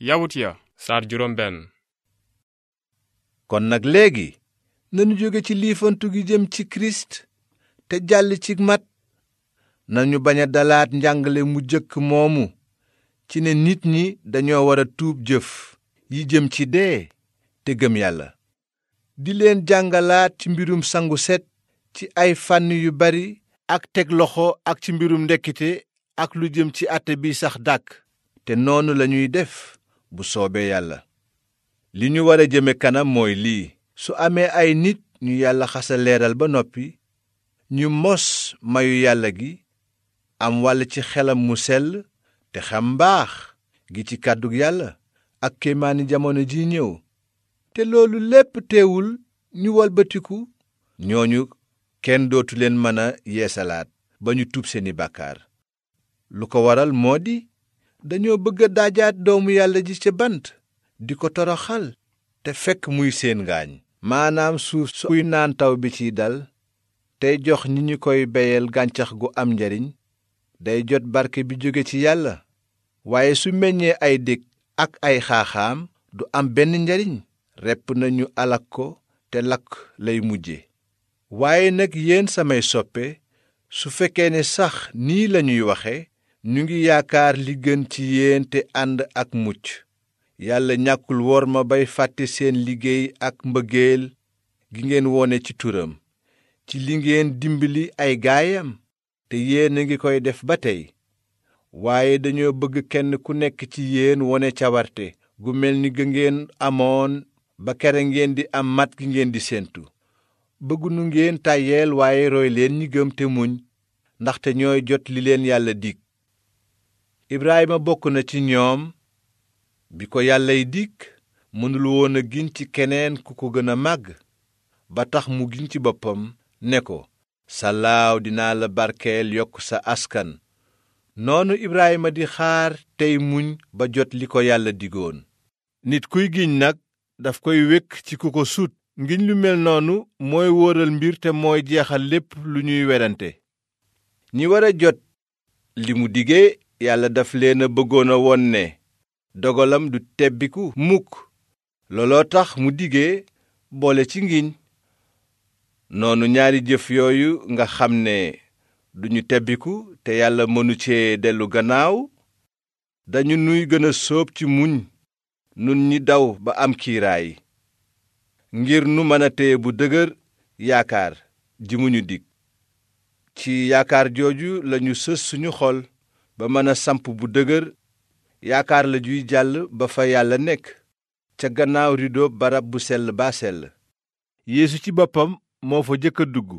yawut ya saar kon nag léegi nañu jóge ci liifantu gi jëm ci kirist te jàll ci mat nañu bañ dalaat njàngale mu jëkk moomu ci ne nit ñi dañoo war a tuub jëf yi jëm ci dee te gëm yàlla di leen jàngalaat ci mbirum sangu set ci ay fànn yu bari ak teg loxo ak ci mbirum ndekkite ak lu jëm ci àtte bi sax dàkk te noonu lañuy def bu soobee yàlla li ñu war a jëme kanam mooy lii su amee ay nit ñu yàlla xasa leeral ba noppi ñu mos mayu yàlla gi am wàll ci xelam mu sell te xam mbaax gi ci kàddug yàlla ak kéemaani jamono ji ñëw te loolu lépp teewul ñu walbatiku ñooñu kenn dootu leen mën a yeesalaat ba ñu tub seeni bàkkaar lu ko waral moo di dañoo bëgg a daajaat doomu yàlla ji ca bant di ko toroxal te fekk muy séen ngaañ maanaam suuf suy naan taw bi ciy dal tey jox ñi ñu koy beyel gàncax gu am njariñ day jot barke bi jóge ci yàlla waaye su meññee ay dég ak ay xaaxaam du am benn njariñ repp nañu alak ko te lakk lay mujje waaye nag yéen samay soppe su fekkee ne sax nii lañuy waxe ñu ngi yaakaar li gën ci yéen te ànd ak mucc yàlla ñàkkul wor ma bay fàtte seen liggéey ak mbëggeel gi ngeen wone ci turam ci li ngeen dimbali ay gaayam te yéen a ngi koy def ba tey waaye dañoo bëgg kenn ku nekk ci yéen wone cawarte gu mel ni ga ngeen amoon ba kere ngeen di am mat gi ngeen di séentu nu ngeen tàyyeel waaye roy leen ñi gëm te muñ ndaxte ñooy jot li leen yàlla dig Ibrahima bokk na ci ñoom bi ko yàllay dikk mënul woon a giñ ci keneen ku ko gëna màgg ba tax mu giñ ci boppam ne ko sa dinaa la barkeel yokk sa askan noonu Ibrahima di xaar tey muñ ba jot li ko yàlla digoon nit kuy giñ nag daf koy wékk ci ku ko sut ngiñ lu mel noonu mooy wóoral mbir te mooy jeexal lépp lu ñuy werante ñi war a jot li mu dige yàlla daf leen bëggoona woon ne dogalam du tebbiku mukk looloo tax mu digee boole ci ngiñ noonu ñaari jëf yooyu nga xam ne duñu tebbiku te yàlla mënu cee dellu gannaaw dañu nuy gën a sóob ci muñ nun ñi daw ba am kiiraay ngir nu mën a téye bu dëgër yaakaar ji mu ñu dig ci yaakaar jooju lañu sës suñu xol ba mën a samp bu dëgër yaakaar la juy jàll ba fa yàlla nekk ca gannaaw rido barab bu sell baa sell yéesu ci boppam moo fa jëkk a dugg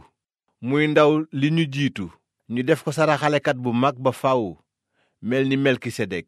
muy ndaw li ñu jiitu ñu def ko saraxalekat bu mag ba faw mel ni melkisedek